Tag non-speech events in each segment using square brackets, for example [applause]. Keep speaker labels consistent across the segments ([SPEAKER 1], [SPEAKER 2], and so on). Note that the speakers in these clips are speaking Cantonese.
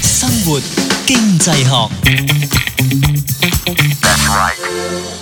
[SPEAKER 1] 生活經濟學，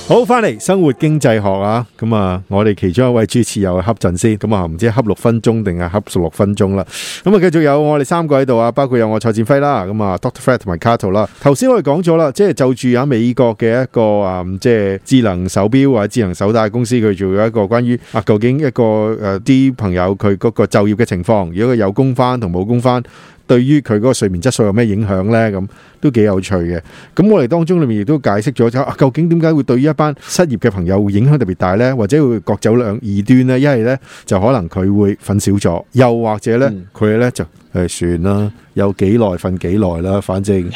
[SPEAKER 1] 好翻嚟生活經濟學啊！咁啊，我哋其中一位主持又恰陣先，咁啊，唔知恰六分鐘定係恰十六分鐘啦。咁啊，繼續有我哋三個喺度啊，包括有我蔡振輝啦，咁啊，Doctor Fred McCall 啦。頭先我哋講咗啦，即、就、係、是、就住啊美國嘅一個啊，即、嗯、係智能手錶或者智能手帶公司，佢做一個關於啊究竟一個誒啲、呃、朋友佢嗰個就業嘅情況，如果佢有工翻同冇工翻。對於佢嗰個睡眠質素有咩影響呢？咁都幾有趣嘅。咁我哋當中裏面亦都解釋咗，究竟點解會對於一班失業嘅朋友會影響特別大呢？或者會各走兩二端呢？一係呢，就可能佢會瞓少咗，又或者呢，佢、嗯、呢，就誒算啦，有幾耐瞓幾耐啦，反正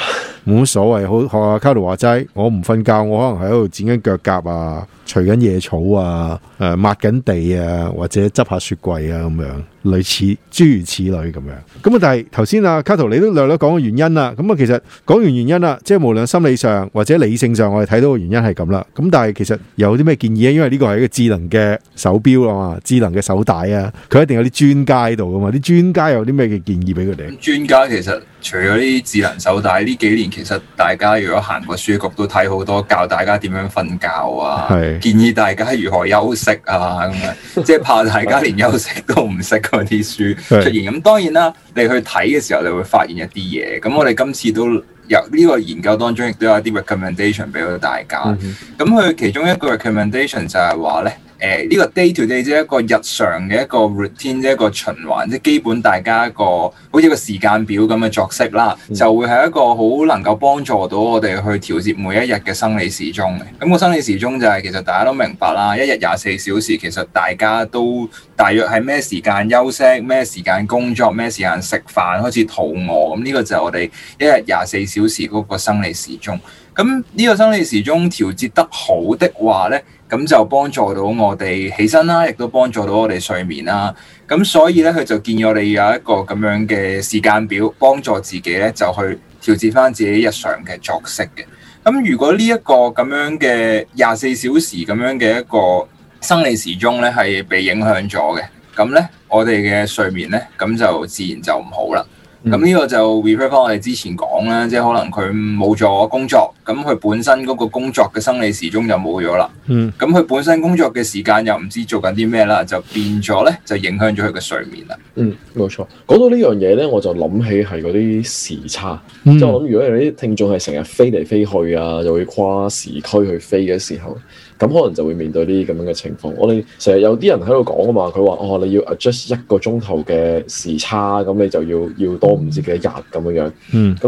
[SPEAKER 1] 冇乜所謂。好學阿卡奴話齋，我唔瞓覺，我可能喺度剪緊腳甲啊。除緊野草啊，誒抹緊地啊，或者執下雪櫃啊，咁樣類似諸如此類咁樣。咁啊，但係頭先啊卡圖你都略略講個原因啦。咁啊，其實講完原因啦，即係無論心理上或者理性上，我哋睇到個原因係咁啦。咁但係其實有啲咩建議啊？因為呢個係一個智能嘅手表啊嘛，智能嘅手帶啊，佢一定有啲專家喺度噶嘛。啲專家有啲咩嘅建議俾佢哋？
[SPEAKER 2] 專家其實。除咗啲智能手帶，呢幾年其實大家如果行過書局都睇好多教大家點樣瞓覺啊，是建議大家如何休息啊，咁樣即係 [laughs] 怕大家連休息都唔識嗰啲書出現。咁是當然啦，你去睇嘅時候，你會發現一啲嘢。咁我哋今次都有呢、這個研究當中，亦都有一啲 recommendation 俾到大家。咁佢、嗯、哼其中一個 recommendation 就係話呢。誒呢個 day to day 即係一個日常嘅一個 routine，即係一個循環，即係基本大家一個好似個時間表咁嘅作息啦，嗯、就會係一個好能夠幫助到我哋去調節每一日嘅生理時鐘嘅。咁、那個生理時鐘就係、是、其實大家都明白啦，一日廿四小時，其實大家都大約係咩時間休息，咩時間工作，咩時間食飯開始肚餓咁，呢、這個就係我哋一日廿四小時嗰、那個生理時鐘。咁呢個生理時鐘調節得好的話呢。咁就幫助到我哋起身啦，亦都幫助到我哋睡眠啦。咁所以咧，佢就建議我哋有一個咁樣嘅時間表，幫助自己咧就去調節翻自己日常嘅作息嘅。咁如果呢一個咁樣嘅廿四小時咁樣嘅一個生理時鐘咧，係被影響咗嘅，咁咧我哋嘅睡眠咧，咁就自然就唔好啦。咁呢、嗯、個就 refer 翻我哋之前講啦，即、就、係、是、可能佢冇咗工作。咁佢本身嗰個工作嘅生理時鐘就冇咗啦，咁佢、嗯、本身工作嘅時間又唔知做緊啲咩啦，就變咗咧就影響咗佢嘅睡眠啦。
[SPEAKER 3] 嗯，冇錯。講到呢樣嘢咧，我就諗起係嗰啲時差，即係我諗，如果有啲聽眾係成日飛嚟飛去啊，又會跨時區去飛嘅時候，咁可能就會面對呢啲咁樣嘅情況。我哋成日有啲人喺度講啊嘛，佢話哦，你要 adjust 一個鐘頭嘅時差，咁你就要要多唔止幾日咁樣樣，咁、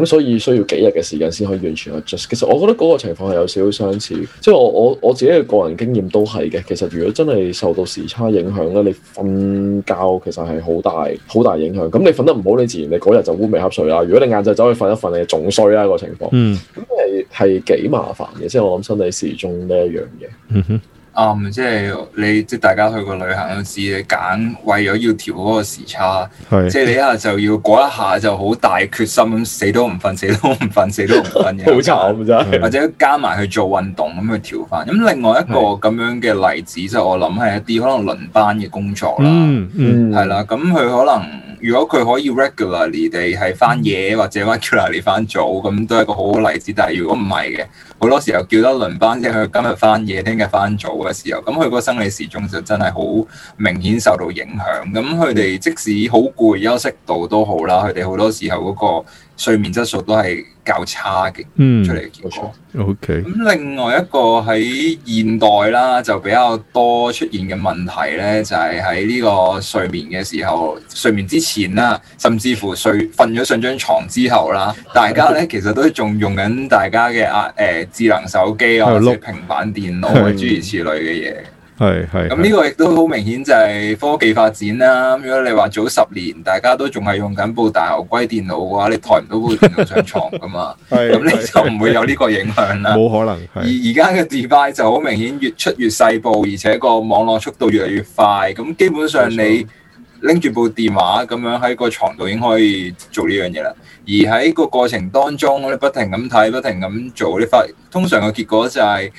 [SPEAKER 3] 嗯、所以需要幾日嘅時間先可以完全 adjust。我覺得嗰個情況係有少少相似，即係我我我自己嘅個人經驗都係嘅。其實如果真係受到時差影響咧，你瞓覺其實係好大好大影響。咁你瞓得唔好，你自然你嗰日就烏眉瞌睡啦。如果你晏晝走去瞓一瞓，你仲衰啦個情況。咁係係幾麻煩嘅，即係我諗身體時鐘呢一樣嘢。
[SPEAKER 2] 嗯啱、嗯，即係你即係大家去個旅行陣時，揀為咗要調個時差，是即係你一下就要嗰一下就好大決心，死都唔瞓，死都唔瞓，死都唔瞓嘅，好慘噶，分是或者加埋去做運動咁去調翻。咁另外一個咁樣嘅例子，是就我諗係一啲可能輪班嘅工作啦，係、嗯嗯、啦，咁佢可能如果佢可以 regularly 地係翻夜、嗯、或者 regularly 翻早，咁都係一個好好例子。但係如果唔係嘅，好多時候叫得輪班，即係佢今日返夜，聽日返早嘅時候，咁佢個生理時鐘就真係好明顯受到影響。咁佢哋即使好攰休息到都好啦，佢哋好多時候嗰個睡眠質素都係較差嘅，嗯，出嚟嘅結果。
[SPEAKER 1] OK。咁
[SPEAKER 2] 另外一個喺現代啦，就比較多出現嘅問題咧，就係喺呢個睡眠嘅時候，睡眠之前啦，甚至乎睡瞓咗上張床之後啦，大家咧其實都仲用緊大家嘅智能手機啊，或者平板電腦啊，是諸如此類嘅嘢，係係。咁呢個亦都好明顯就係科技發展啦。如果你話早十年，大家都仲係用緊部大牛龜電腦嘅話，你抬唔到部電腦上床㗎嘛？咁 [laughs] 是你就唔會有呢個影響啦。冇可能。而而家嘅 device 就好明顯越出越細部，而且個網絡速度越嚟越快。咁基本上你，拎住部電話咁樣喺個床度已經可以做呢樣嘢啦，而喺個過程當中咧，不停咁睇，不停咁做，你發通常嘅結果就係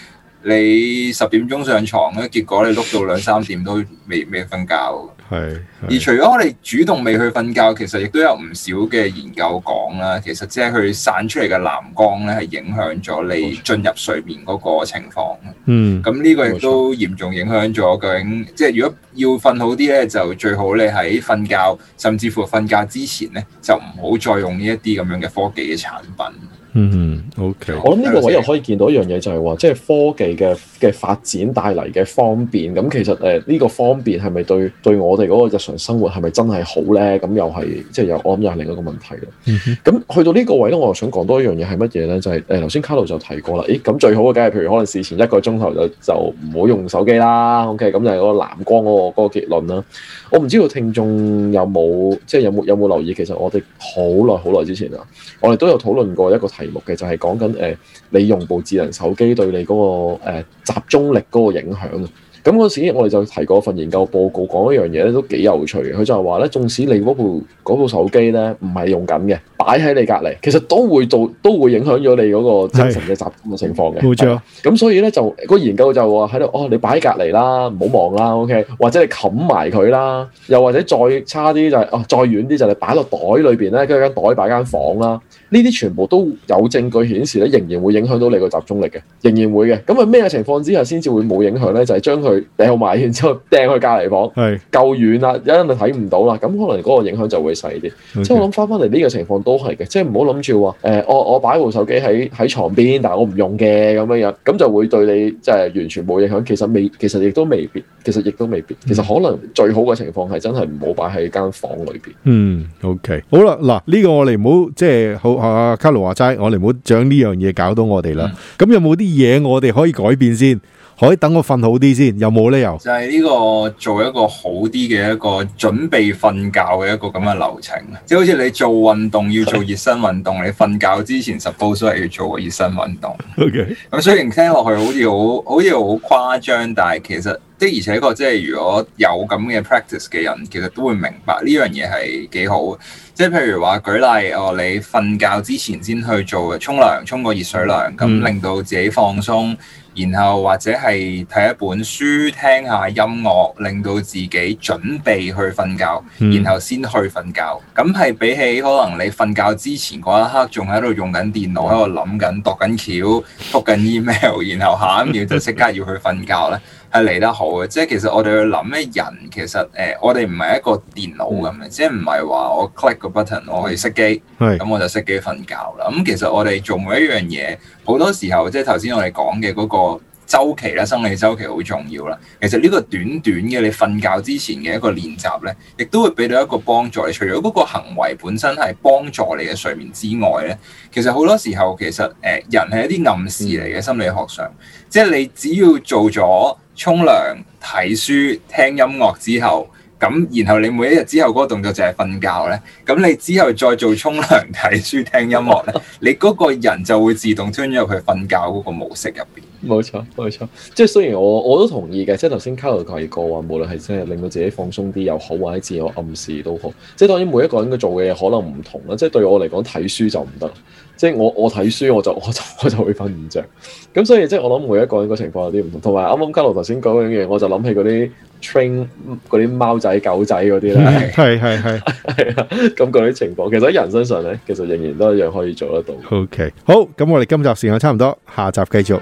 [SPEAKER 2] 你十點鐘上床，咧，結果你碌到兩三點都未未瞓覺。係，而除咗我哋主動未去瞓覺，其實亦都有唔少嘅研究講啦。其實即係佢散出嚟嘅藍光咧，係影響咗你進入睡眠嗰錯個情況。嗯，咁呢個亦都嚴重影響咗。究竟即係錯如果要瞓好啲咧，就最好你喺瞓覺，甚至乎瞓覺之前咧，就唔好再用呢一啲咁樣嘅科技嘅產品。
[SPEAKER 3] 嗯 [music] ，OK。我諗呢個位又可以見到一樣嘢，就係話，即係科技嘅嘅發展帶嚟嘅方便。咁其實誒，呢個方便係咪對對我哋嗰個日常生活係咪真係好咧？咁又係，即係又我諗又係另一個問題咯。咁去到呢個位咧，我又想講多一樣嘢係乜嘢咧？就係誒，頭先卡羅就提過啦。咦，咁最好嘅梗係，譬如可能事前一個鐘頭就就唔好用手機啦。OK，咁就係個藍光嗰個嗰個結論啦。我唔知道聽眾有冇即係有冇有冇留意？其實我哋好耐好耐之前啊，我哋都有討論過一個題目嘅就係講緊誒，你用部智能手機對你嗰、那個誒、呃、集中力嗰個影響啊。咁嗰時我哋就提過份研究報告，講一樣嘢咧都幾有趣。佢就係話咧，縱使你嗰部那部手機咧唔係用緊嘅，擺喺你隔籬，其實都會做都會影響咗你嗰個精神嘅集中嘅情況嘅。冇錯。咁所以咧就嗰、那個研究就話喺度哦，你擺喺隔籬啦，唔好望啦，OK，或者你冚埋佢啦，又或者再差啲就係、是、哦，再遠啲就係擺落袋裏邊咧，跟住間袋擺間房啦。呢啲全部都有證據顯示咧，仍然會影響到你個集中力嘅，仍然會嘅。咁啊咩情況之下先至會冇影響呢？就係、是、將佢掟埋，然之後掟去隔離房，係是夠遠啦，一陣就睇唔到啦。咁可能嗰個影響就會細啲。Okay. 即係我諗翻翻嚟呢個情況都係嘅，即係唔好諗住話誒，我我擺部手機喺喺床邊，但係我唔用嘅咁樣樣，咁就會對你即係、就是、完全冇影響。其實未，其實亦都未必，其實亦都未必。嗯、其實可能最好嘅情況係真係唔好擺喺間房裏邊。
[SPEAKER 1] 嗯，OK，好啦，嗱呢、呢個我哋唔好即係好。啊，卡羅話齋，我哋唔好將呢樣嘢搞到我哋啦。咁、嗯、有冇啲嘢我哋可以改變先？可以等我瞓好啲先？有冇理由？又
[SPEAKER 2] 就係呢個做一個好啲嘅一個準備瞓覺嘅一個咁嘅流程。即係好似你做運動要做熱身運動，是的 你瞓覺之前 suppose 要做個熱身運動。OK，咁 [laughs] 雖然聽落去好似好好似好誇張，但係其實。的而且確，即係如果有咁嘅 practice 嘅人，其實都會明白呢樣嘢係幾好。即係譬如話，舉例哦，你瞓覺之前先去做嘅沖涼，沖個熱水涼，咁令到自己放鬆，然後或者係睇一本書，聽下音樂，令到自己準備去瞓覺，然後先去瞓覺。咁係、嗯、比起可能你瞓覺之前嗰一刻仲喺度用緊電腦，喺度諗緊度緊橋，覆緊 email，然後下一秒就即刻要去瞓覺咧。係嚟、啊、得好嘅，即係其實我哋去諗咧，人其實、呃、我哋唔係一個電腦咁，即係唔係話我 click 個 button 我可以熄機，咁我就熄機瞓覺啦。咁其實我哋做每一樣嘢，好多時候即係頭先我哋講嘅嗰個周期咧，生理周期好重要啦。其實呢個短短嘅你瞓覺之前嘅一個練習咧，亦都會俾到一個幫助。你除咗嗰個行為本身係幫助你嘅睡眠之外咧，其實好多時候其實、呃、人係一啲暗示嚟嘅，心理學上，即係你只要做咗。沖涼、睇書、聽音樂之後，咁然後你每一日之後嗰個動作就係瞓覺咧。咁你之後再做沖涼、睇書、聽音樂咧，你嗰個人就會自動吞咗入去瞓覺嗰個模式入面。
[SPEAKER 3] 冇錯，冇錯。即係雖然我我都同意嘅，即係頭先卡洛提過話，無論係真係令到自己放鬆啲又好，或者自我暗示都好。即係當然每一個人佢做嘅嘢可能唔同啦。即係對我嚟講睇書就唔得，即係我我睇書我就我就我就會瞓唔著。咁所以即係我諗每一個人個情況有啲唔同。同埋啱啱卡洛頭先講嘅嘢，我就諗起嗰啲 train 嗰啲貓仔狗仔嗰啲咧，係係係係啊。咁啲 [laughs] 情況其實喺人身上咧，其實仍然都一樣可以做得到。
[SPEAKER 1] OK，好，咁我哋今集時間差唔多，下集繼續。